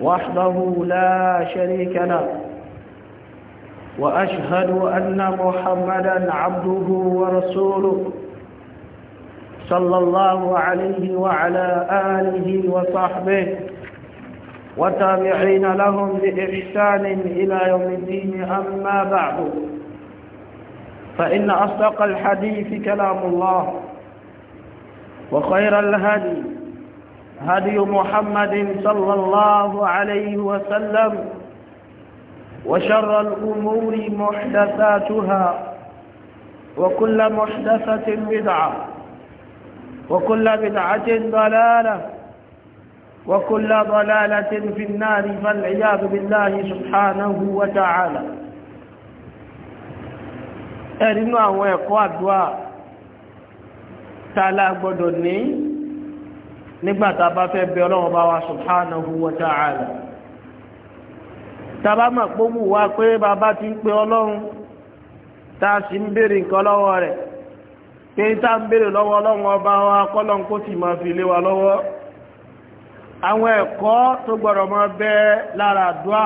وحده لا شريك له وأشهد أن محمدا عبده ورسوله صلى الله عليه وعلى آله وصحبه وتابعين لهم بإحسان إلى يوم الدين أما بعد فإن أصدق الحديث كلام الله وخير الهدي هدي محمد صلى الله عليه وسلم وشر الأمور محدثاتها وكل محدثة بدعة وكل بدعة ضلالة وكل ضلالة في النار فالعياذ بالله سبحانه وتعالى أرنوا ويقوى الدواء تعالى قدرني nígbà tá a bá fẹ́ bẹ ọlọ́run bá wa subhanahu wa ta'ala tá a bá mọ̀ pé wù wá pé bàbá ti ń pe ọlọ́run tá a sì ń béèrè nǹkan lọ́wọ́ rẹ̀ pé tá a ń béèrè lọ́wọ́ ọlọ́run ọba wa kọ́lọ́n kó sì máa fi lé wa lọ́wọ́ àwọn ẹ̀kọ́ tó gbọ́dọ̀ máa bẹ lára àdúrà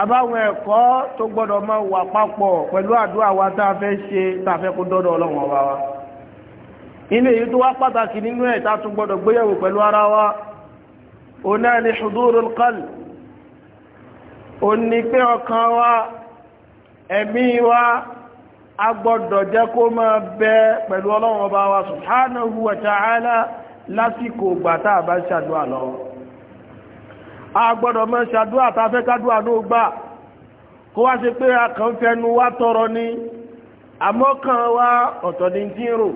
àbáwọn ẹ̀kọ́ tó gbọ́dọ̀ máa wà papọ̀ pẹ̀lú àdúrà wa tá a fẹ́ ṣe tá a fẹ́ kó dọ́dọ̀ ọlọ́run ọba wa inú èyí tó wá pàtàkì nínú ẹ̀ tá tún gbọ́dọ̀ gbéyẹ̀wò pẹ̀lú ara wa ó náà ní hudurul qalb ó ní pé ọkàn wa ẹ̀mí wa a gbọ́dọ̀ jẹ́ kó máa bẹ pẹ̀lú ọlọ́run ọba wa subhanahu wa lásìkò gbà bá ń ṣàdúrà lọ a gbọ́dọ̀ máa ṣàdúrà tá kádùà ló gbà kó wá ṣe pé a kàn wa tọrọ ni àmọ́ wa ọ̀tọ̀ ni tí ń rò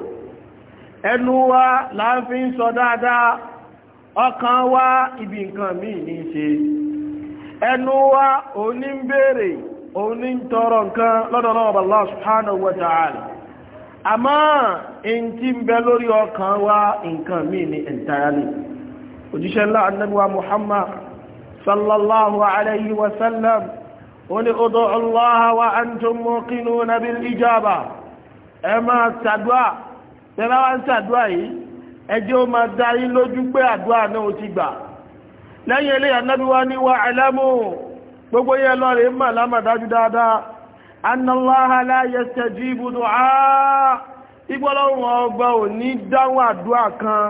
ẹnu wa láàfi ń sọ dáadáa ọkàn wa ibi nǹkan míì ní í ṣe ẹnu wa òní ń béèrè òní ń tọrọ nǹkan lọ́dọ̀ lọ́wọ́ Allah subhanahu wa ta'ala àmọ́ èyí tí ń bẹ lórí ọkàn wa nǹkan míì ní entirely òjíṣẹ́ ńlá Ànábì Muhammad sallallahu alayhi wa sallam oni ud'u Allah wa antum muqinuna bil ijaba ẹ máa tàdúà tẹ́lá wá ń ṣàdúrà yìí ẹjẹ́ ó máa dá yín lójú pé àdúrà náà ó ti gbà lẹ́yìn ilé ànábì wa ní wa ẹ̀lẹ́mù gbogbo yẹn lọ́rẹ̀ mà lámàdájú dáadáa annallaha la yastajibu du'a ìgbọ́lọ́run ọgbà ò ní dáhùn àdúrà kan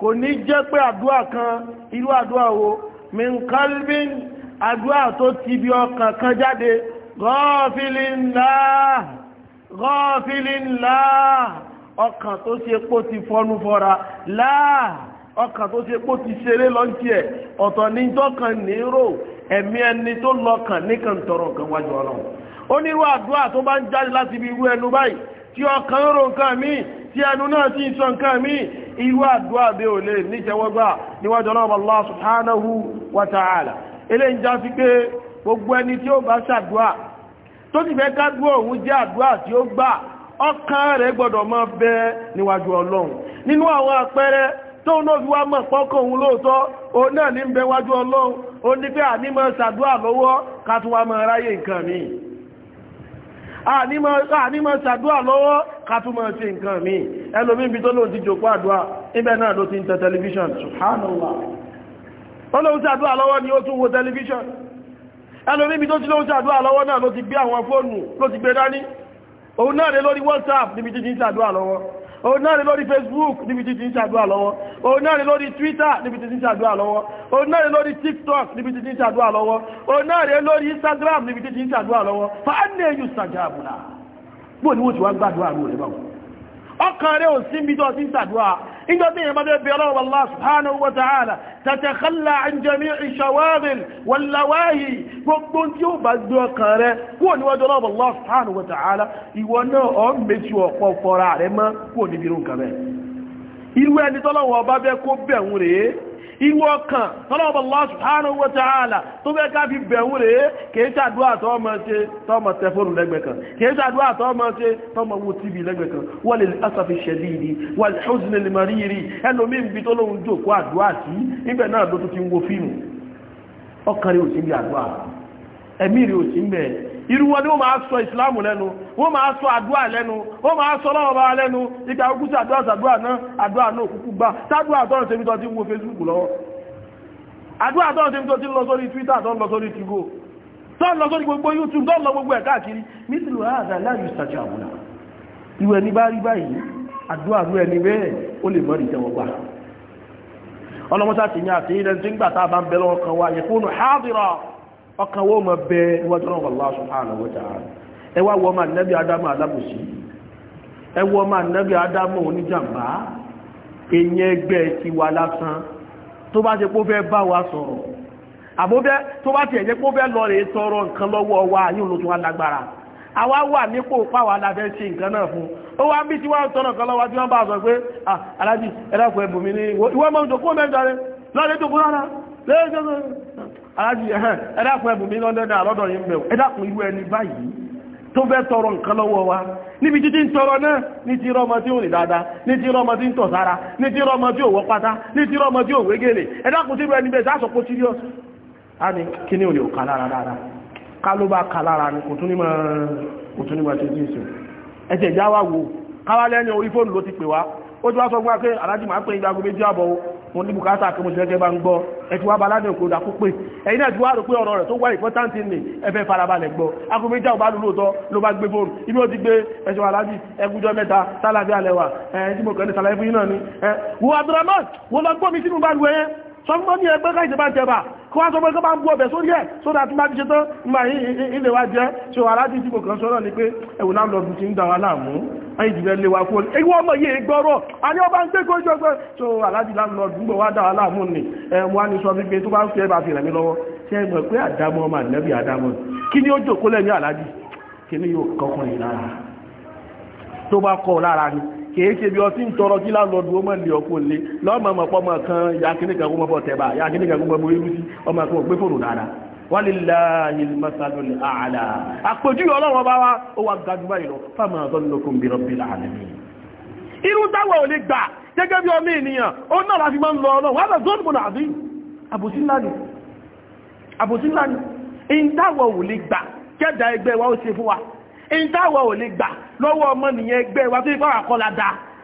kò ní jẹ́ pé àdúrà kan irú àdúrà wo min àdúrà tó ti bí ọkàn kan jáde ghafilin lah ghafilin lah ọkàn tó ṣe pó ti fọnú fọ́ra láà ọkàn tó ṣe pó ti ṣeré lọ́ntí ẹ̀ ọ̀tọ̀ ní tọ́kàn nírò ẹ̀mí ẹni tó lọ́kàn níkan tọrọ kan wájú ọlọ́run onírú àdúrà tó bá ń jáde láti ibi irú ẹnu báyìí tí ọkàn rò nǹkan míì tí ẹnu náà sì ń sọ nǹkan míì irú àdúrà bẹ́ ò lè níṣẹ́wọ́gbà níwájú ọlọ́run Allah subhanahu wa ta'ala eléyìí já sí pé gbogbo ẹni tí ó bá ṣàdúrà tó sì fẹ́ ká dúró òun jẹ́ àdúrà tí ó gbà ọkàn rẹ̀ gbọ́dọ̀ máa bẹ níwájú ọlọ́run nínú àwọn àpẹẹrẹ tó náà fi mọ̀ pọ́kọ̀ lóòótọ́ náà ní bẹ wájú ọlọ́run ó ní pé àní máa lọ́wọ́ ká tún ráyè nǹkan mi àní máa lọ́wọ́ ká tún nǹkan mi náà ló ti ń tẹ tẹlifíṣàn lọ́wọ́ ni ó tún òun náà rẹ̀ lórí whatsapp níbi títí ń ṣàdúrà lọ́wọ́ òun náà rẹ̀ lórí facebook níbi títí ń ṣàdúrà lọ́wọ́ òun náà rẹ̀ lórí twitter níbi títí ń ṣàdúrà lọ́wọ́ òun náà rẹ̀ lórí tiktok níbi títí ń ṣàdúrà lọ́wọ́ òun náà rẹ̀ lórí instagram níbi títí ń ṣàdúrà lọ́wọ́ fàánì èyí ṣàjàbùlà gbò ní wọ́n ti wá gbàdúrà rẹ̀ báwọn ọkàn rẹ̀ ò sí ibi tó ti ń ṣàdúrà إجابتين ماذا يبي الله والله سبحانه وتعالى تتخلى عن جميع الشواغل واللواهي وقلت يوبا الدوكارة كون وادو الله سبحانه وتعالى إيوانا أمبت وقفر عليما كون يبيرون كمان إيوانا الله وبابا كوبا وريه ìwọ ọkàn tọ́lọ́wọ́ Allah subhanahu wa ta'ala tó fẹ́ ká fi bẹ̀wò rẹ̀ kìí ṣàdúrà tọ́ọmọ ṣe tọ́ọmọ tẹ fóònù lẹ́gbẹ̀ẹ́ kan kìí ṣàdúrà tọ́ọmọ ṣe tọ́ọmọ wo tv lẹ́gbẹ̀ẹ́ kan walil asafi shadidi wal huzni al mariri tó lóun jòkó irú wọn ni wọ́n máa sọ ìsìláàmù lẹ́nu wọ́n máa sọ àdúrà lẹ́nu wọ́n máa sọ lọ́wọ́ bá lẹ́nu ìgbà ogún sí àdúrà sàdúrà náà àdúrà náà kúkú gbá sádúrà tọ́rọ tẹ́mi tó ti ń wo Facebook lọ́wọ́ àdúrà tọ́rọ tẹ́mi tó ti ń lọ sórí Twitter tó ń lọ sórí Tigo tó ń lọ sórí gbogbo YouTube tó ń lọ gbogbo ẹ̀ káàkiri mísìlù ààdà láàyè ìsàjì àbúrà ìwẹ̀ ní bá rí báyìí àdúrà rú ẹni bẹ́ẹ̀ ó lè mọ́ ìjẹ́wọ́ gbà ọlọ́mọ́sá ti ní àti ilẹ̀ tí ń ọkàn wọ́n mọ̀ bẹ níwájú náà Allah subhanahu wa ta'ala ẹ wá wọ́n máa nẹ́bí adamu alábòsí ẹ wọ́n máa nẹ́bí adamu oníjàmbá èyàn ẹgbẹ́ ti wà lásán tó bá ti kó fẹ́ bá wa sọ̀rọ̀ àbúbẹ́ tó bá ti ẹ̀jẹ́ kó fẹ́ lọ rèé tọrọ nǹkan lọ́wọ́ wa yóò ló tún wá lágbára àwa wà nípò páwa la fẹ́ ṣe nǹkan náà fún ó wá ń bí tí wọ́n tọrọ nǹkan lọ́wọ́ tí wọ́n bá sọ pé ah, aláàjì ẹ̀dàkùn ẹ̀bùnmi ní ìwọ́n mọ́ aláàjì ẹ̀hẹ́n ẹ̀dàkùn ẹ̀bùn mi lọ́dọ́dà àlọ́dọ̀ yìí ń bẹ̀rù ẹ̀dàkùn irú ẹni báyìí tó fẹ́ tọrọ nǹkan lọ́wọ́ wa níbi títí ń tọrọ náà ní ti rọmọ tí ò rìn dáadáa ní ti rọmọ tí ń tọ̀ sára ní ti rọmọ tí ò wọ́ pátá ní ti rọmọ tí ò wé gèlè ẹ̀dàkùn tí irú ẹni ni ò lè ò kà lára ni kò tún ní máa ṣe jíìsì ẹ̀jẹ̀ ìjáwá wo káwá lẹ́yìn orí fóònù ló ti pè wá ó ti wá sọ fún wa pé aláàjì máa ń pè ìgbàgbọ́ mo ní bùkátà kí mo jẹ́ gẹ́gẹ́ bá ń gbọ́ ẹ̀tí wá baládẹ̀ òkú ìdàkú pé ẹ̀yìn náà ti wá rò pé ọ̀rọ̀ rẹ̀ tó wá ìpọ́tántì ní ẹfẹ́ farabalẹ̀ gbọ́ akúmí já òbá lúlò tọ́ ló bá gbé fóònù ni wo abdulrahman wo lọ gbọ́ mi sínú bá lu ẹyẹ sọmọ ní ẹgbẹ́ káìsẹ̀ bá jẹba kí wọ́n sọmọ ẹgbẹ́ bá ń bú ọbẹ̀ sórí ẹ̀ ayíjìnlẹ̀ lè wà fún olè ìwọ́n mọ̀ yìí gbọ́rọ̀ a ọba ń gbé kó jọ́gbẹ́ tó aláàjì láàrùn gbogbo wá dáwà láàmú ni wọ́n ní sọ wípé tó bá ń fẹ́ bá fi rẹ̀ mí lọ́wọ́ tí ẹ mọ̀ pé àdámọ́ ọmọ ànẹ́bí àdámọ́ kí ni ó jòkó lẹ́ni aláàjì kí ni yóò kọkùnrin lára tó ni walillahi al-masalul a'la àpèjú ọlọ́run bá wá ó wà gbajúmọ̀ ìlọ fáwọn àzọ́nùkùn bí rabbil alamin irú táwọn ò lè gbà gẹ́gẹ́ bí ọmọ ènìyàn ó náà láti máa ń lọ ọlọ́run wà bẹ̀ zọ́nùkùn àbí àbòsí ńlá ni àbòsí ńlá ni ìdáwọ̀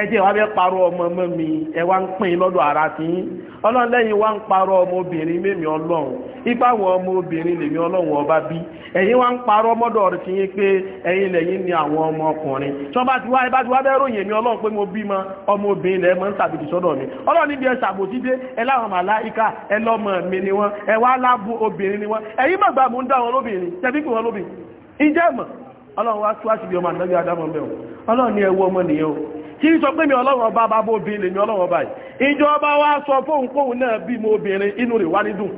ẹjẹ́ wa bẹ́ parọ́ ọmọ mọ́ mi ẹ ń pín ara tí ọlọ́run lẹ́yìn wá ń parọ́ ọmọ obìnrin mẹ́mi ọlọ́run ipa àwọn ọmọ obìnrin lèmi ọlọ́run ọba bí ẹ̀yin ń parọ́ rẹ̀ yín pé ẹ̀yin lẹ́yìn ni àwọn ọmọ ọkùnrin tí wọ́n bá ti wá ròyìn ọlọ́run pé mo mi ọlọ́run níbi ẹ o kí n sọ pé mi ọlọ́run ọba bá bó obìnrin lèmi ọlọ́run ọba yìí ọba wa sọ fóun kóun náà bí mo obìnrin inú rẹ̀ wá ní dùn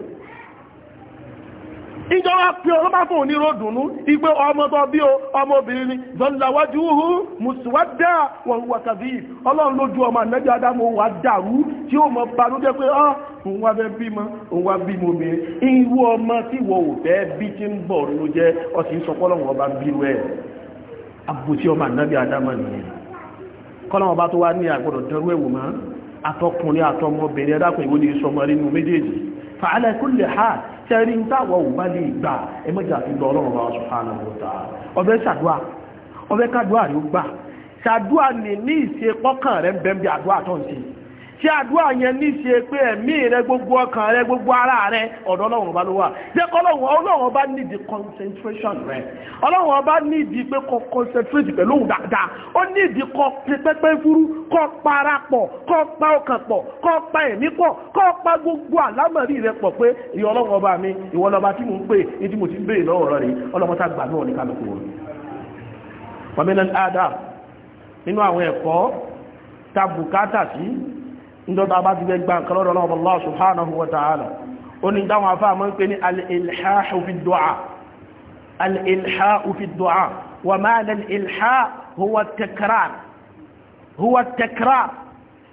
ọlọ́pàá ọmọ bí o ọmọbìnrin ni zọlọ́wájú hù mùsùwádà wọn wà tàbí ọlọ́run lójú ọmọ ànájọ́ adámọ̀ wà dàrú tí ó mọ̀ pé ah, òun wá bímọ òun wá bímọ ọmọ tí ò bí tí ń kọ́lọ́wọ́ bá tó wá ní àgbọ̀dọ̀ dẹrú ẹ̀wò mọ́ atọkùnrin àtọmọbìnrin ẹ̀dàkùn ìwò ní ìsọmọrí nù méjèèjì fàálẹ̀ kó lè ha tẹ́rí táwọ̀ ò bá lè gbà ẹmọ́jà fi lọ ọlọ́run wa subhanahu wa ta'ala ọbẹ̀ ṣàdúà ọbẹ̀ kádùà rí ó gbà ṣàdúà ní ní ìṣe pọ́kàn rẹ̀ ń bẹ́ẹ̀ àdúà tó tí àdúrà yẹn ní ṣe pé ẹ̀mí rẹ gbogbo ọkàn rẹ gbogbo ara rẹ ọ̀dọ̀ ọlọ́run ọba ló wà jẹ́ kọ́ ọlọ́run ọlọ́run ọba need the concentration rẹ ọlọ́run ọba need pé kọ́ concentrate pẹ̀lú òun dáadáa ó need kọ́ pẹ́pẹ́ fúrú kọ́ parapọ̀ kọ́ pa ọkàn pọ̀ kọ́ pa ẹ̀mí pọ̀ kọ́ pa gbogbo àlámọ̀rí rẹ pọ̀ pé ìyọ ọlọ́run ọba mi ìwọ lọba tí mo ń pè ní tí mo ti ń béèrè lọ́wọ́ rẹ ọlọ́mọta gbà náà ní kálukú wọn. pàmílẹ̀ ádà nínú àwọn ẹ̀kọ́ tabukata sí níjọba bá ti fẹ́ gba nǹkan lọ́dọ̀ náà Allah subhanahu wa ta'ala ó ní dáwọn afá mọ́ ń pè ní al-ilhah fi du'a al-ilhah fi du'a wa ma'na al-ilhah huwa at-takrar huwa at-takrar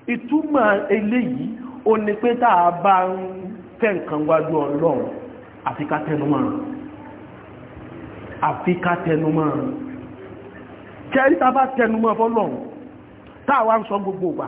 ìtumọ̀ eléyìí ó ní pé tàà bá ń fẹ́ nǹkan gbájú ọlọ́run àfi ká tẹnumọ́ àfi tẹ́rí tá bá fọ́lọ́run táà wá ń sọ gbogbo ìgbà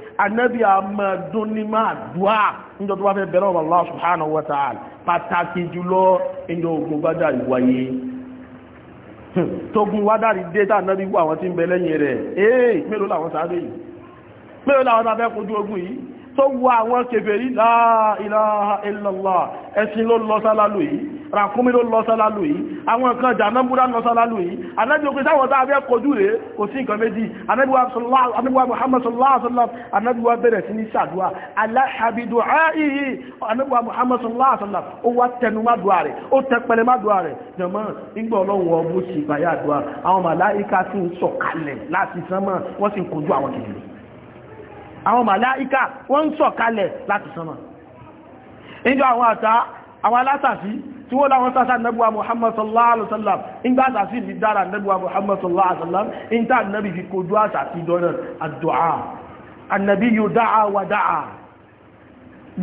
anabi ama dunni ma dua njọ tó bá fẹ́ bẹ̀rẹ̀ ọba allah subhanahu wa ta'ala pataki jùlọ njọ ogun bá dàrí wáyé tógun wá dàrí dé tá anabi wọ àwọn tí ń bẹ lẹ́yìn rẹ̀ ee mélòó làwọn sáré yìí mélòó làwọn tá fẹ́ kojú ogun yìí tó wọ àwọn kèfèrí la ilaha illallah ẹ̀sìn ló lọ sálálù yìí ràkúnmí ló lọ sálálù yìí àwọn nǹkan jàǹdàbúrà lọ sálálù yìí anábì òkè táwọn tá a fẹ́ kojú rèé kò sí nǹkan méjì anábì wa muhammad sallallahu alaihi wa sallam anábì wa bẹ̀rẹ̀ sí ní sàdúà aláhàbìdù ààyè anábì wa muhammad sallallahu alaihi wa sallam ó wá tẹnu má dùà rẹ̀ ó tẹ pẹlẹ má dùà tí wọ́n láwọn sáṣà nẹ́bùwa muhammad sallallahu alaihi wasallam ìgbà àṣàṣì fi dára nẹ́bùwa muhammad sallallahu alaihi wasallam ìta nẹ́bì fi kojú àṣàṣì dọ́nà àdùá annabi yóò dáa wa dáa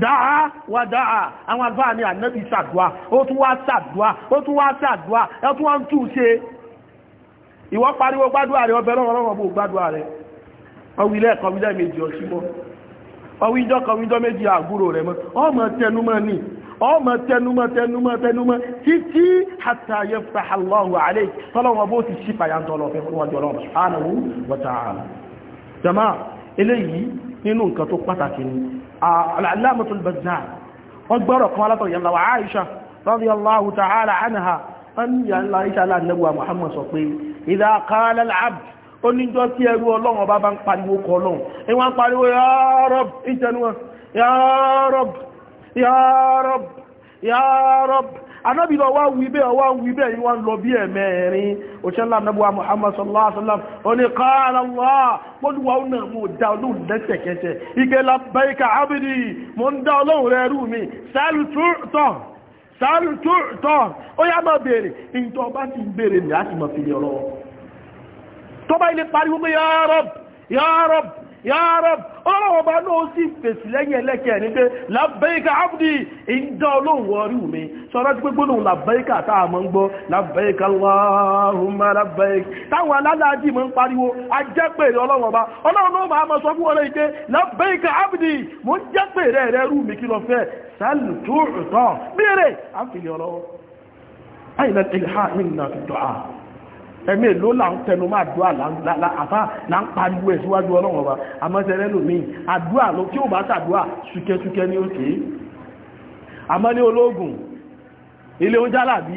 dáa wa dáa àwọn àgbà ní annabi sàdùá ó tún wá sàdùá ó tún wá sàdùá ẹ tún wá ń tún ṣe ìwọ pariwo gbádùá rẹ ọbẹ̀ lọ́wọ́ lọ́wọ́ bó gbádùá rẹ ọwílẹ̀ kọwílẹ̀ méjì ọ̀ṣímọ́ ọwíjọ́ kọwíjọ́ méjì àgúrò rẹ mọ́ ọmọ tẹnumọ́ ní ọmọ tẹnumọ́ tẹnumọ́ tẹnumọ́ títí hatta yaftaha Allahu alayk bó ti ṣí fàyàntọ́ oníjọ́ tí ẹrú ọlọ́run ọba bá ń pariwo kọ ọlọ́run ẹwọ́n pariwo ya Rabb ìtẹnuwa ya Rabb ya Rabb ya Rabb anábì lọ wibe wa bẹ́ ọwá wa bẹ́ yíwá ń lọ bí ẹ̀mẹ́rin òṣèlá anábúwa Muhammad sallallahu alaihi wasallam qala Allah ike labbaika abdi mo ń dá mi sẹ́lùtúrtọ̀ sẹ́lùtúrtọ̀ ó yá máa béèrè ìjọ bá ti béèrè ní fi ya ya ya Rabb ọlọ́wọ́ bá náà sì fèsì lẹ́yìn ẹlẹ́kẹ́ ní pé labbaika abdi ìjọ olóòwò orí mi sọ́rọ́ ti gbégbónà labbaika táà mọ́ ń gbọ́ labbaika Allahumma labbaika táwọn alálàájì mọ́ ń pariwo ajẹ́pẹ̀rẹ̀ ọlọ́wọ́ bá ọlọ́wọ́ náà máa ẹ̀mí èló là ń tẹnu máa la àfá là ń pariwo ẹ̀ síwájú ọlọ́run ọba àmọ́sẹ̀rẹ́ lòmíì àdúà ló kí ó bá tàdúà súkẹ́súkẹ́ ní òkè àmọ́ ní ológun ilé oúnjẹ alábí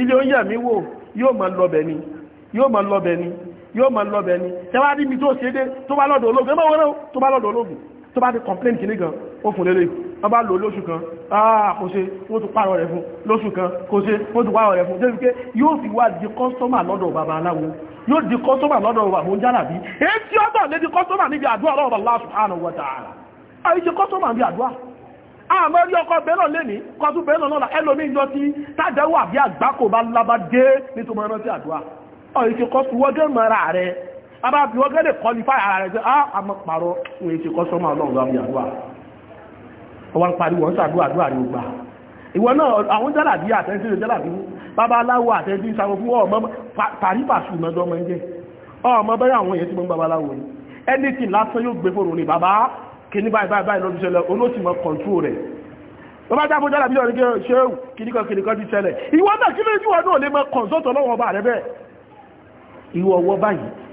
ilé oúnjẹ mi wò yóò mọ̀ lọ́bẹ̀ ni yóò mọ̀ lọ́bẹ̀ ni yóò mọ̀ lọ́bẹ̀ ni tẹwàá rí mi tó ṣe dé tó bá lọ́dọ̀ ológun ẹmọ́ wọ́n tó bá lọ́dọ̀ ológun tó bá ti complain kìíní ó fún lélẹ́yìn wọ́n bá lò lóṣù kan àà ah, kò ṣe wọ́n tún pààrọ̀ rẹ̀ fún lóṣù kan kò ṣe wọ́n tún pààrọ̀ rẹ̀ fún jẹ́ wípé yóò fi wá di kọ́sọ́mà lọ́dọ̀ bàbá aláwo yóò di kọ́sọ́mà lọ́dọ̀ bàbá jálàbí èyí tí ó tọ̀ lé di kọ́sọ́mà níbi àdúrà lọ́rọ̀ Allah subhanahu wa ta'ala àyí ṣe kọ́sọ́mà níbi àdúrà àmọ́ rí ọkọ̀ bẹ́ẹ̀ náà lẹ́ni kọ́tún bẹ́ẹ̀ náà lọ́la ẹlòmí ìjọ tí tàdáwò àbí àgbákò bá lábá dé nítorí ọ̀rọ̀ tí àdúrà ọ̀yí ṣe kọ́ fúwọ́gẹ́ mọ́ra rẹ̀ abábíwọ́gẹ́ lè kọ́ ní fáyà rẹ̀ pé á ah, àmọ́ pàrọ̀ òun èṣe kọ́sọ́mà ọlọ́run lábí àdúrà ọwọ́ ń pariwo ń ṣàdúrà àdúrà ní ọgbà ìwọ náà àwọn jálàbí àtẹ́sí jálàbí babaláwo àtẹ́sí ìṣàwọn fún ọmọ tàrífàṣù mọ́jọ́ mọ́ ń jẹ́ ọmọ bẹ́rẹ̀ àwọn èyẹ tí mọ́ babaláwo ni anything lásán yóò gbé fòrò ní bàbá kìíní báyìí báyìí lọ́dún ṣẹlẹ̀ olóòtú mọ́ control rẹ̀ tó bá jábọ́ jálàbí lọ́rin kí ṣe kìíníkan kìíníkan ti ṣẹlẹ̀ ìwọ náà kí ló ń jú ọdún ò lè mọ́ consult ọlọ́wọ́ ọba rẹ̀ bẹ́ẹ̀ ìwọ ọwọ́ báyìí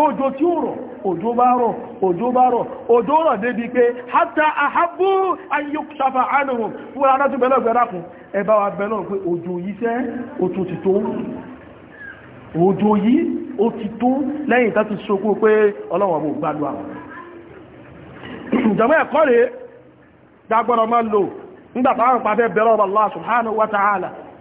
òjò tí ó rọ̀ òjò bá rọ̀ òjò bá rọ̀ òjò rọ̀ débi pé hátà àhábú ayé ṣàfà ánìhùn fún ara tó bẹ̀lẹ̀ gbẹ̀rẹ̀ kùn ẹ bá wa bẹ̀lẹ̀ pé òjò yìí sẹ́ òjò yìí ó ti tó lẹ́yìn pé ọlọ́wọ̀n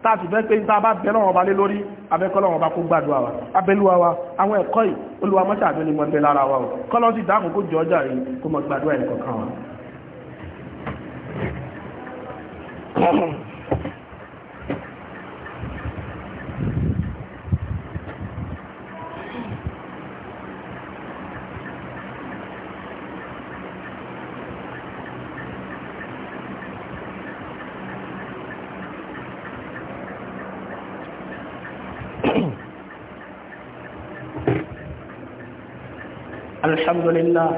táàtì fẹ́ pé tá a bá bẹ lọ́wọ́ ọba lé lórí abẹ́kọ́lọ́wọ́ ọba kó gbàdúrà wa abẹ́lúwa wa àwọn ẹ̀kọ́ yìí olúwa mọ́ṣà àbẹ́ni mọ́ bẹ lára wa o kọ́lọ́ sì dáàbò kó jọ ọjà yìí kó mọ́ gbàdúrà ẹ̀kọ́ kan wa. الحمد لله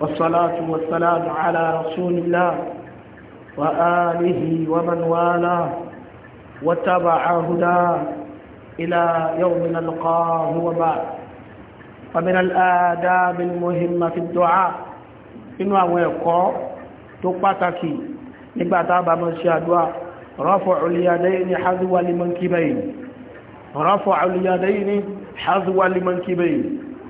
والصلاة والسلام على رسول الله وآله ومن والاه واتبع هداه إلى يوم نلقاه وبعد فمن الآداب المهمة في الدعاء إنه àwọn ẹ̀kọ́ tó pàtàkì nígbà رفع اليدين حذو لمنكبين رفع اليدين حذو لمنكبين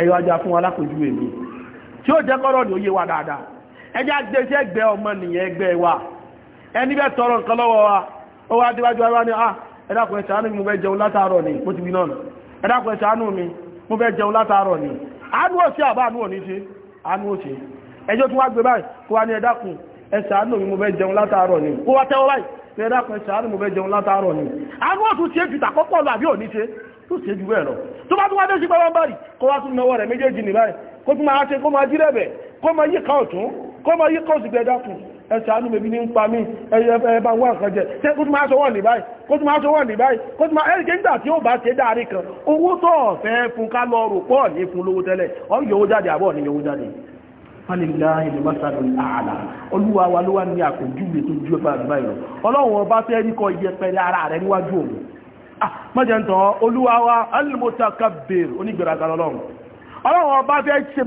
ẹ̀yọ́ ajá fún wa lápòjú tí ó jẹ́ kọ́rọ̀ ní òye wa dáadáa ẹjá gbéṣẹ́ ẹgbẹ́ ọmọ nìyẹn ẹgbẹ́ wa ẹni bẹ́ẹ̀ tọrọ nǹkan wa ó wá déwájú wa ní ah, ẹ̀dàkùn ẹ̀ṣàánú mi mo fẹ́ jẹun látàárọ̀ ni mo ti jẹun látàárọ̀ ni àánú òsì àbá àánú òní ṣe àánú òsì ẹjọ́ tí tó bá tún wá dé sí pẹ́wọ́n bá rí kó wá tún náwọ́ rẹ̀ méjèèjì ní báyìí kó tún máa ṣe kó máa jírẹ̀bẹ̀ kó máa yíká ọ̀tún kó máa yíká òsì gbẹ̀dá fún ẹ̀sẹ̀ àánú bèbí ní ń pa mí ẹ̀yẹ̀bá wà nǹkan jẹ kó tún máa ṣọwọ́ ní báyìí kó tún máa ṣọwọ́ ní báyìí kó tún máa ẹ̀rìkẹ́ nígbà tí ó bá ṣe dáàrí kan owó tó ọ̀fẹ́ fún ká lọ rò pọ̀ ní fún lówó tẹ́lẹ̀ ọ́n yóò jáde àbọ̀ ní yóò jáde falilahi ni masalul aala olúwa wa ló wà ní àpèjúwe tó ju ẹgbàá àgbà yìí lọ ọlọ́run ọba fẹ́ rí kọ iyẹpẹrẹ ara rẹ níwájú òun Ah, mọ́jẹ̀ ń tọ́ olúwa wa al-mutakabbir onígbèrágà lọ́lọ́run ọlọ́run ọba fẹ́ ṣe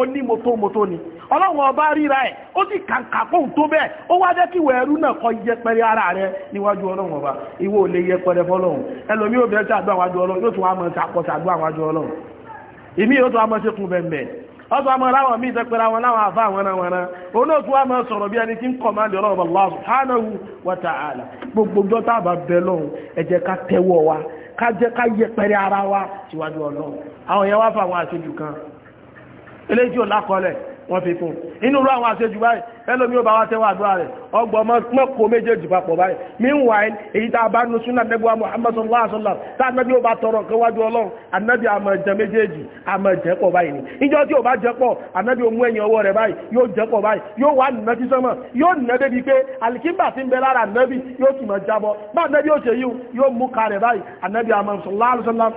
onímọ̀tọ́mọ̀tọ́ ni ọlọ́run ọba ríra ẹ̀ ó sì kàǹkà fóun tó bẹ́ẹ̀ ó wá jẹ́ kí ìwẹ̀ ẹrú náà kọ yẹpẹrẹ ara rẹ níwájú ọlọ́run ọba ìwọ ò lè yẹpẹrẹ fọlọ́run ẹlòmí obìnrin ṣàdúrà wájú ọlọ́run yóò tún wá mọ̀ ṣàkọsàdúrà wájú ọlọ́run ìmí yóò tún wá mọ̀ ṣe kún bẹ́ẹ̀ ọ̀sọ̀ amara láwọn míì tẹ́ pẹ́ra wọn láwọn àfá awọn àwọn olóòtú wa máa sọ̀rọ̀ bí ẹni tí ń kọ̀máàdì ọlọ́run Allah subhanahu wa ta'ala gbogbo jọta àbá bẹ lọ́hùn ẹ jẹ́ wa ká jẹ́ ká ara wa siwaju ọlọ́run àwọn yẹn kan wọ́n fi kún inú rú àwọn àṣejù báyìí ẹlòmí ó bá wá tẹ́wọ́ àdúrà rẹ̀ ọgbọ̀ mọ́kò méjèèjì papọ̀ báyìí meanwhile èyí tá a bá nu súnà nẹ́gbẹ̀wá muhammad sallallahu alaihi wasallam tá anábì ó bá tọrọ nǹkan wájú ọlọ́run anábì àmọ̀jẹ méjèèjì àmọ̀jẹ pọ̀ ni ìjọ tí ó bá jẹ pọ̀ anábì ó mú ẹ̀yìn ọwọ́ rẹ̀ báyìí yóò jẹ alikimba ti ń bẹ lára anábì yóò tì mọ̀ jábọ̀ bá anábì ó ṣe yíò yóò mú ka rẹ̀ báyìí anábì àmọ̀ sallallahu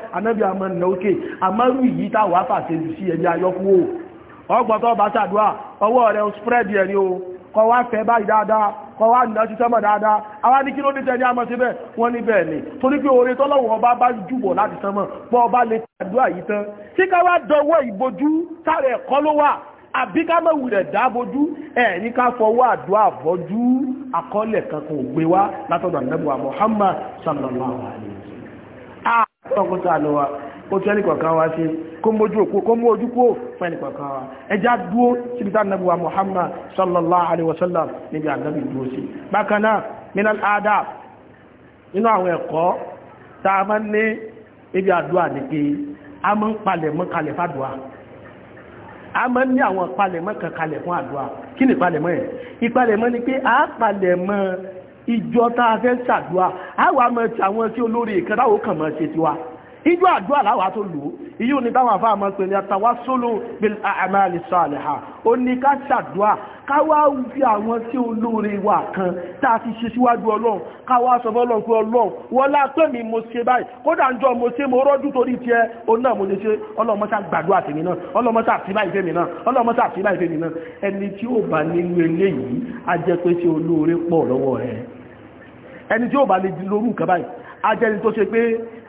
alaihi ọgbọ̀tọ̀ bá ṣàdúrà ọwọ́ rẹ̀ spread ẹ̀ ni o kọ wá fẹ́ báyìí dáadáa kọ wá nìyà sí sánmà dáadáa awá ní kí ló dìtẹ̀ ní àmọ́ sí bẹ́ẹ̀ wọ́n ní bẹ́ẹ̀ ni torí pé oore tọ́lọ́wọ́ ọba bá jùbọ̀ láti sánmà bọ́ ọba lè ṣàdúrà yìí tán tí ká wá dọwọ́ ìbojú sáré ẹ̀kọ́ ló wà àbí ká mọ̀ kó mójú òkú kó mú ojú kúrò fún ẹnì ẹjá dúó síbi nàbí wa Muhammad sallallahu alaihi wasallam níbi ànábì dúó sí bákan náà adab nínú àwọn ẹ̀kọ́ tá a máa ń ní ibi àdúrà ní pé a máa ń palẹ̀ mọ́ kalẹ̀ fàdùà a máa ní àwọn palẹ̀mọ́ kan kalẹ̀ fún àdúrà kí ni palẹ̀mọ́ yẹn ìpalẹ̀mọ́ ni pé a palẹ̀mọ́ ìjọ tá a fẹ́ ṣàdúrà a wà máa ti àwọn tí olórí ìkẹ́ráwó kàn máa ṣe tiwa ijó àdúrà láwàá tó lò ó iyó ní táwọn àfáà máa ń pè ní àtàwásólò bil a'mali salihah ó ní ká ṣàdúrà káwá fi àwọn tí olóore wa kan tá a ti ṣe síwájú ọlọ́run káwá sọ fọ́lọ́run pé ọlọ́run wọ́n látọ́ mi mo ṣe báyìí kódà ń jọ mo ṣe mo rọ́jú torí tiẹ̀ òun náà mo lè ṣe ọlọ́mọta gbàdúrà tèmi náà ọlọ́mọta àtìbá ìfẹ́ mi náà ọlọ́mọta àtìbá ìfẹ́ mi náà ẹni tí ó bá nínú eléyìí á jẹ́ pé ṣe olóore pọ̀ lọ́wọ́ rẹ̀ ẹni tí ó bá lè di lórú báyìí ajẹ́ni tó ṣe pé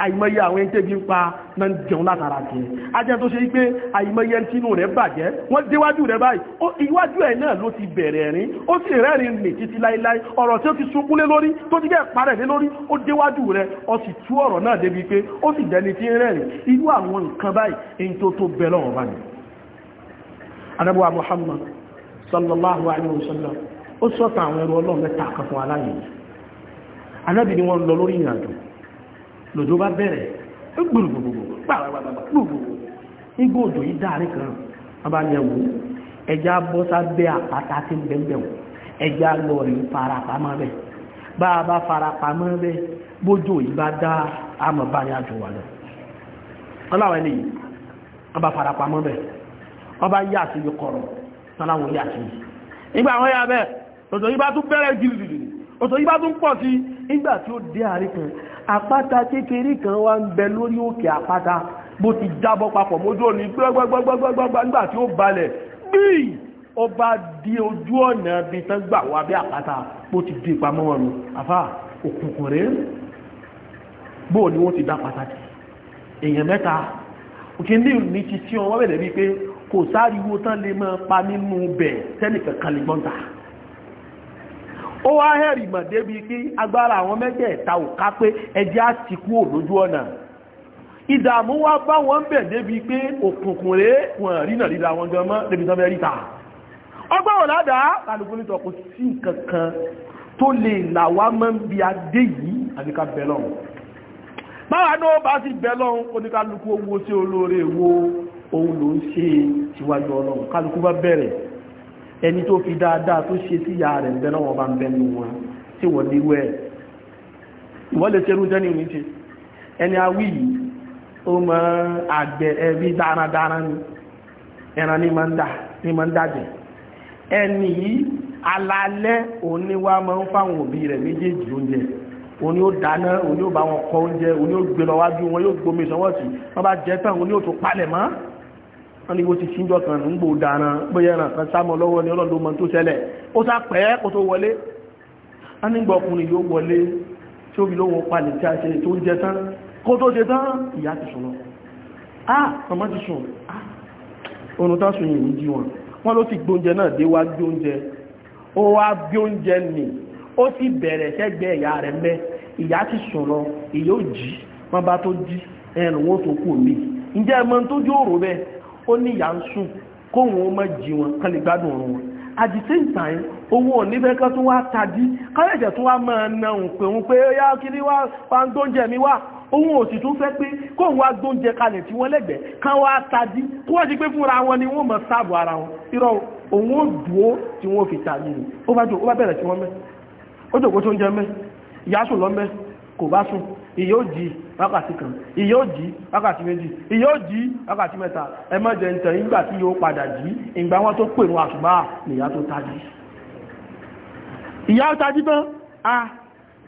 àìmọye àwọn ẹni tẹ́bi ń pa náà jẹun látara jẹ ajẹ́ni tó ṣe pé àìmọye ẹni tínú rẹ̀ bàjẹ́ wọ́n déwájú rẹ̀ báyìí iwájú ẹ̀ náà ló ti bẹ̀rẹ̀ rín ó sì rẹ́rìn nì títí láíláí ọ̀rọ̀ tí ó ti sunkúnlé lórí tó ti bẹ́ẹ̀ parẹ̀ lé lórí ó déwájú rẹ̀ ó sì tú ọ̀rọ̀ náà débi pé ó sì dẹni tí rẹ́rìn irú àwọn nǹkan báyìí tó tó bẹ lọ́wọ́ báyìí anábọ́wà Muhammad sallallahu alaihi wasallam ó sọ́ta àwọn ẹrù ọlọ́run mẹ́ta kan fún lọ lórí ìrìnàjò lòjò bá bẹ̀rẹ̀ gbùrùgbùrùgbù gbàgbàgbàgbùrùgbù igbó òjò yìí dáàrin kan ọba ní ẹwù ẹja bọ́ sábẹ́ àpáta tí ń bẹ̀m̀bẹ̀ wù ẹja lọ rí farapamọ́ bẹ̀ bá a bá farapamọ́ bẹ̀ bójò yìí bá dá àmọ̀ bá ní àjò wà lọ ọláwọ̀ ẹni yìí ọba farapamọ́ bẹ̀ ọba yà sí ibi kọ̀rọ̀ sáláwọn yà sí nígbà àwọn yà bẹ́ẹ̀ òjò yìí bá tún bẹ̀rẹ̀ jìrìjìrì òjò yìí bá tún pọ̀ sí nígbà tí ó dé àárín kan àpáta kékeré kan wá ń bẹ lórí òkè àpáta bó ti jábọ́ papọ̀ mójú òní gbẹ́gbẹ́gbẹ́gbẹ́gbẹ́gbẹ́ nígbà tí ó balẹ̀ bíi ó bá di ojú ọ̀nà bí tán gbà wá bí àpáta bó ti di ìpamọ́ wọn nù àfà òkùnkùn rèé bóò ni wọ́n ti dá pàtàkì èèyàn mẹ́ta òkè ní ìrìnì ti tí wọn wọ́n bẹ̀rẹ̀ wípé kò sáriwo tán lè máa pa nínú bẹ̀ ó wá hẹ̀rì mọ̀ débi pé agbára àwọn mẹ́tẹ̀ẹ̀ta ò ká pé ẹjẹ́ á ti kú òlójú ọ̀nà ìdààmú wá bá wọn bẹ̀ débi pé òkùnkùn rẹ̀ wọn rí nà ríra wọn gan mọ́ débi tán bẹ́ẹ̀ ríta ọgbọ́n wọn ládàá kálukú ní tọkọ sí kankan tó lè làwá mọ́ bí adé yìí àbíká bẹ̀lọ́n báwa náà bá sì bẹ̀lọ́n oníkálukú owó sí olóore wo òun ló ń ṣe síwájú ọlọ́run kálukú bá bẹ̀rẹ̀ ẹni tó fi dáadáa tó ṣe sí ìyá rẹ̀ bẹ́ẹ̀ lọ́wọ́ bá ń bẹ́ nù wọn tí wọ́n lérú ẹ̀ ìwọ́n lè ṣerú tẹ́ni ìrìn ṣe ẹni awí yìí ó mọ àgbẹ̀ ẹbí dáradára ni ẹran ní máa ń dàjẹ́ ẹni yìí alalẹ́ òun ni wá máa ń fáwọn òbí rẹ̀ méjèèjì oúnjẹ òun ni dáná òun ni bá wọn kọ oúnjẹ òun ni gbé lọ wájú wọn yóò gbomi sọwọ́sì wọ́n bá jẹ tán òun ni ó palẹ̀ mọ́ wọ́n ní wó ti síjọ́ kan ń gbò dáná gbóyẹ̀ràn kan sámọ́ lọ́wọ́ ní ọlọ́dún mọ́ tó ṣẹlẹ̀ ó sá pẹ́ kó tó wọlé a nígbà ọkùnrin yóò wọlé tí ó fi lóhun palẹ̀ tí a ṣe tó ń jẹ tán kó tó ṣe tán ìyá ti sùn lọ ah màmá ti sùn ah oorun tán sùn yìí jí wọn wọn ló ti gbóúnjẹ náà dé wá gbé oúnjẹ ó wá gbé oúnjẹ nì ó sì bẹ̀rẹ̀ sẹ́gbẹ́ tó jí ẹrùn wọn tó tó jó òrò bẹ́ẹ̀ ó níyà ń sùn kóhun ó mọ̀ jí wọn kán lè gbádùn ọ̀run wọn at the same time owó onífẹ́ kan tún wá tàbí kọ́lẹ̀jẹ̀ tún wá máa na òun pé òun pé yá kí ní wá ń gbóúnjẹ mi wá òun ò sì tún fẹ́ pé kóhun wá gbóúnjẹ kalẹ̀ tí wọ́n lẹ́gbẹ̀ẹ́ kan wá tàbí kó wọ́n ti pé fúnra wọn ni wọ́n mọ̀ sáàbù ara wọn irọ́ òun ó dúó tí wọ́n fi tàbí ni ó bá jò ó bá bẹ̀rẹ̀ sí wọn mẹ́ ó jòkó tó ń jẹ mẹ́ ìyá sùn lọ mẹ́ kò bá sùn ìyá ó jì wákàtí kan ìyóò jí wákàtí méjì ìyóò jí wákàtí mẹ́ta ẹ má jẹ ǹtẹ̀ ìgbà tí yóò padà jí ìgbà wọn tó pèrún àṣùbá nìyá tó tají ìyá tají tán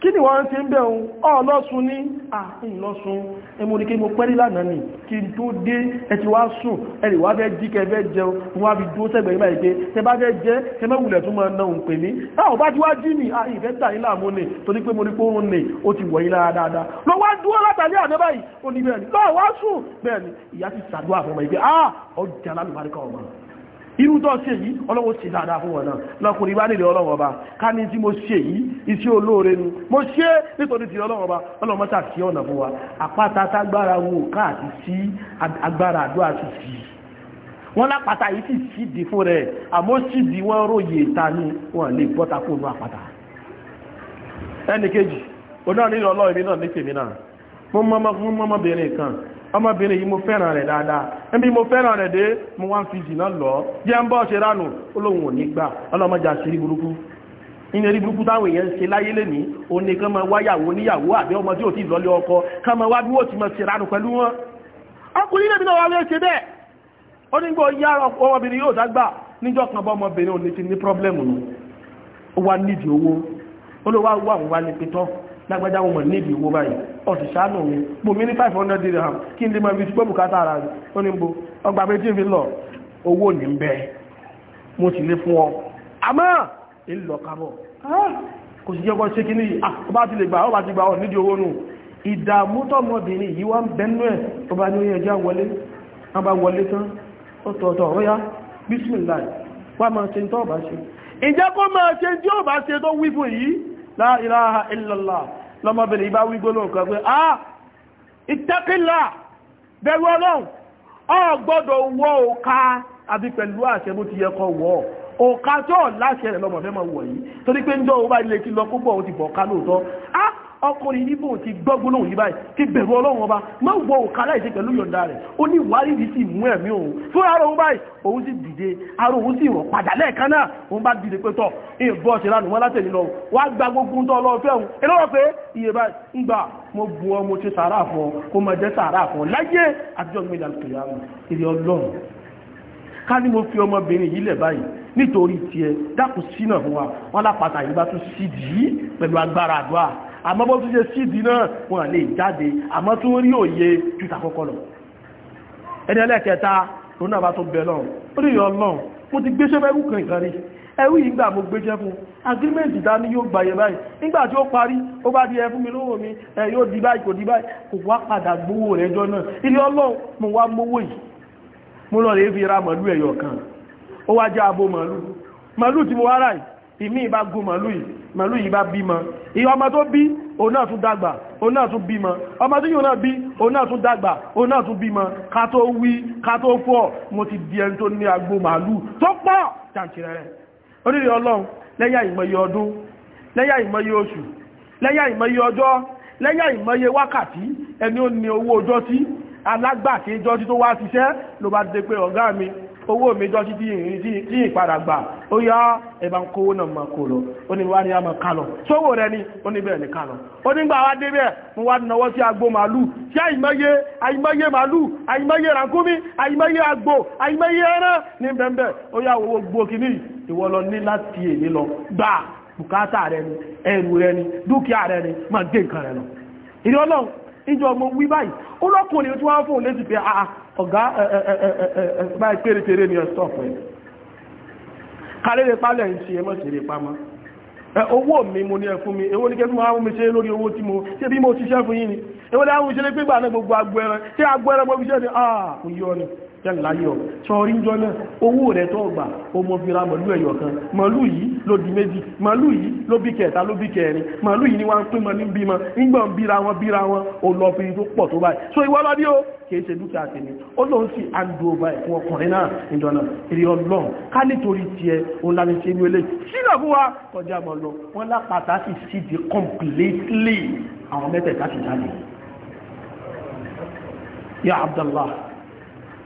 kí ni wọ́n ti ń bẹ̀ ohun ọlọ́sùn ní ààfin lọ́sùn ẹmúrikí mo pẹ́rí lánàá nì kí n tó dé ẹti wá sùn ẹ̀rì wá fẹ́ jí kẹfẹ́ jẹun wọ́n fi dúó sẹ́gbẹ̀ ìgbà ìgbé tẹ bá fẹ́ jẹ́ tẹmẹ́wùlẹ̀ tó máa náà ń pè ní àwọn bá ti wá jí ní ìfẹ́ tà ní láàmú nì torí pé mo rí pórun nì ó ti wọ̀ yí lára dáadáa lọ wá dúó látàlí àná báyìí ó ní bẹ́ẹ̀ ni lọ́ọ̀ wá sùn bẹ́ẹ̀ ni ìyá ti sàdúrà fún ọmọ irú tó ṣe yìí ọlọ́wọ́ ṣe dáadáa fún wọn náà lọ́kùnrin bá nílẹ̀ ọlọ́wọ́ ọba ká ní tí mo ṣe yìí iṣẹ́ olóore nu mo ṣe nítorí ti ọlọ́wọ́ ọba ọlọ́mọ tà sí ọ̀nà fún wa àpáta tágbára wo káàtì sí agbára àdúrà sí sí wọn lápáta yìí sì sí fún rẹ àmọ́ sì di wọn róye ta ni wọn lè bọ́ta kó nu àpáta ẹnì kejì onáà nílẹ̀ ọlọ́ọ̀ ọmọbìnrin yìí mo fẹ́ràn rẹ̀ dáadáa e mo fẹ́ràn rẹ̀ dé mo wá ń fi jìnà lọ jẹ́ ń bọ́ ṣe ránù olóhun ò ní gbà ọlọ́mọjà ṣe rí burúkú burúkú táwọn èèyàn ṣe láyé o ní kán máa wáyàwó ọmọ tí ò ọkọ kán máa wá bí wọ́n ti ṣe ránù pẹ̀lú wọn ọkùnrin náà lè ṣe bẹ́ẹ̀ ó ní gbọ́ ọmọbìnrin yóò lágbájá wọn níbi owó báyìí ọ̀sì sáánù òun mo mi ní 500 dirham kí n lè máa fi ti pọ́bù kátà ara rẹ̀ ó ní bo ọgbà pé tí n fi lọ owó ní ń bẹ mo sì lè fún ọ àmọ́ ìlọ kábọ̀ ah, kò sì jẹ́gbọ́n ṣe kíní ọba ah, ti lè gbà ọba ti gbà ọ nídìí owó nù ìdààmú tọmọbìnrin yìí wá ń bẹnu ẹ̀ ọba ní oyin ẹja wọlé wọn bá wọlé tán ọ̀tọ̀ọ̀tọ̀ ọ̀yá bísmìláì wá máa ṣe tó ọba ṣe ìjẹ́ kó máa ṣe tí ó ṣe tó wí fún yìí la ilaha lọ́mọbìnrin bá wí gbólóhùn kan pé ah ìtẹ́kìlá bẹ̀rù ọlọ́run ọ gbọ́dọ̀ wọ òka àbí pẹ̀lú àṣẹ bó ti yẹ kó wọ òka tó láṣẹ rẹ̀ lọ́mọ̀fẹ́ mọ̀ wọ̀ yìí torí pé ń jọ òun bá ilé kí lọ púpọ̀ ó ti bọ̀ ká lóòótọ́ ah ọkùnrin níbò ti gbọ́gbónà yìí báyìí ti bẹ̀rù ọlọ́run ọba má wọ òkà láìsí pẹ̀lú yọ̀ǹda rẹ̀ ó ní ìwárìrì sí mú ẹ̀mí òun fún ara òun báyìí òun sì dìde ara òun sì rọ̀ padà lẹ́ẹ̀kan náà òun bá dìde pé tọ̀ iye bọ́ ṣe lánàá wọn látẹ̀lé lọ wá gba gbogbo tó ọlọ́run fẹ́ òun ẹlọ́rọ̀ pé iye báyìí ń gbà mo bu ọ mo ṣe sàárà fún ọ kó máa jẹ́ sàárà fún ọ láyé àtijọ́ mi ìdàlù kìlá ìrì ọlọ́run ká ní mo fi ọmọbìnrin yìí lẹ̀ báyìí nítorí tiẹ̀ dákùn sínà fún wa wọn lápàtà yìí bá tún sídìí pẹ̀lú agbára àdúrà àmọ́ bó tún ṣe sídìí náà wọ́n lè jáde àmọ́ tún rí òye ju tàkọ́kọ́ lọ ẹni ẹlẹ́kẹta tó náà bá tó bẹ̀ lọ́n ó ní mo ti gbéṣẹ́ fẹ́ kùkàn ìkan rí ẹrú ìgbà mo gbéṣẹ́ fún agreement dání yóò gbàyẹ báyìí nígbà tí ó parí ó bá mi lówó di báyìí kò di báyìí kò wá padà gbowó rẹ̀ jọ náà ilé ọlọ́run mo wá mówó yìí mo lọ kan ó wá abo màálù màálù tí mo ìmí ìbá gún màlúù yìí màlúù yìí bá bímọ ìyá ọmọ tó bí òun náà tún dàgbà òun náà tún bímọ ọmọ tí yóò náà bí òun náà tún dàgbà òun náà tún bímọ ká tó wí ká tó fọ́ mo ti di ẹni tó ní agbó màlúù tó pọ̀ jàǹtìrẹ rẹ̀ oríire ọlọ́run lẹ́yà ìmọye ọdún lẹ́yà ìmọye oṣù lẹ́yà ìmọye ọjọ́ lẹ́yà ìmọye wákàtí ẹni ó ní owó owó mi jọ títí tí ìpadà gbà ó yá ẹ̀bà ń kówó náà máa kò lọ ó ní wá ní a máa ká lọ sówó rẹ ni ó ní bẹ́ẹ̀ ní ká lọ ó nígbà wá débẹ̀ mo wá náwó sí agbo màálù sí àìmọye àìmọye màálù àìmọye ràkúnmí àìmọye àgbò àìmọye ẹran ní bẹ́ẹ̀ ó yá owó gbòkìní ìwọ lọ ní láti èmi lọ gbà bùkátà rẹ ni ẹrù rẹ ni dúkìá rẹ ni máa gbé nǹkan rẹ lọ ìrọlọ́run ìjọ ọmọ wí báyìí ó lọ́kùnrin tí wọ́n fún un létí pé àà ah, ah, ọ̀gá ẹ̀ẹ̀ẹ̀ẹ̀ pẹ́rẹ́pẹ́rẹ́ ni ọ̀sọ̀ pẹ̀ kárẹ́rẹ́ pálẹ̀ ń ṣe ẹmọ́ ṣeré pamọ́ owó mi mo ní ẹ fún mi èwo ní kẹfún àwọn mi ṣe lórí owó tí mo ṣe bí mo ṣiṣẹ́ fún yín ni èwo ní àwọn ìṣẹ́lẹ̀ pé gbà náà gbogbo agbẹ́rẹ́ tí agbẹ́rẹ́ mo fi ṣẹ́ ni àà ah, kò yọ ni ṣiṣẹ́ láyọ̀ sọrí ń jọ́nà owó rẹ̀ tó gbà ọmọ fira màlúù ẹ̀yọ̀ kan màlúù yìí ló di méjì màlúù yìí ló bí kẹta ló bí kẹrin màlúù yìí ni wọ́n ń pín mọ́ ní bímọ ńgbọ̀n bíra wọn bíra wọn ò lọ fi tó pọ̀ tó báyìí so ìwọ lọ́dí o kìí ṣe dúkìá tèmi ó lóun sì àndú ọba ẹ̀fún ọkùnrin náà ìjọna èrè ọlọ́run ká nítorí tiẹ̀ òun láti ṣe ní eléyìí sílẹ̀ fún wa kọjá mọ́ lọ wọ́n lápàtà sì sídi completely àwọn mẹ́tẹ̀ẹ̀ta sì jáde. ya Abdallah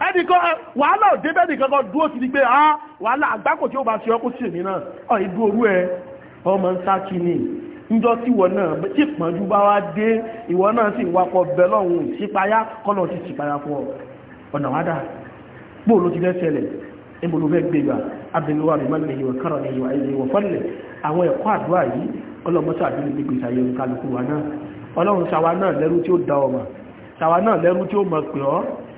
ẹnìkan wàhálà òdé bẹ́ẹ̀ nìkan kan dúró ti di pé ah wàhálà àgbákò tí ó bá ṣe ọkú sí èmi náà ọ̀ ìdú orú ẹ ọmọ ń sáàkì ni njọ́ tí ìwọ náà tí ìpọ́njú bá wá dé ìwọ náà sì wakọ̀ bẹ̀ lọ́hùn ìṣípayá kọ́lọ̀ ti ṣìpayá fún ọ ọ̀nà wádà gbóò ló ti fẹ́ ṣẹlẹ̀ níbo ló fẹ́ gbé gbà abẹ́lúwà rẹ̀ mọ́lẹ̀ ìwọ̀ kọ́rọ̀ ní ìwà ilẹ̀ ìwọ̀ fọ́lẹ̀ àwọn ẹ̀kọ́ àdúrà yìí ọlọ́mọṣà àdúrà gbígbé ìṣàyẹ̀ kálukú wa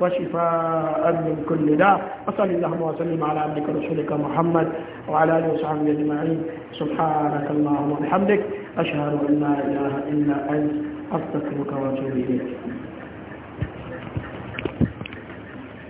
وشفاء من كل داء وصل اللهم وسلم على عبدك رسولك محمد وعلى اله وصحبه اجمعين سبحانك اللهم وبحمدك اشهد ان لا اله الا انت استغفرك واتوب اليك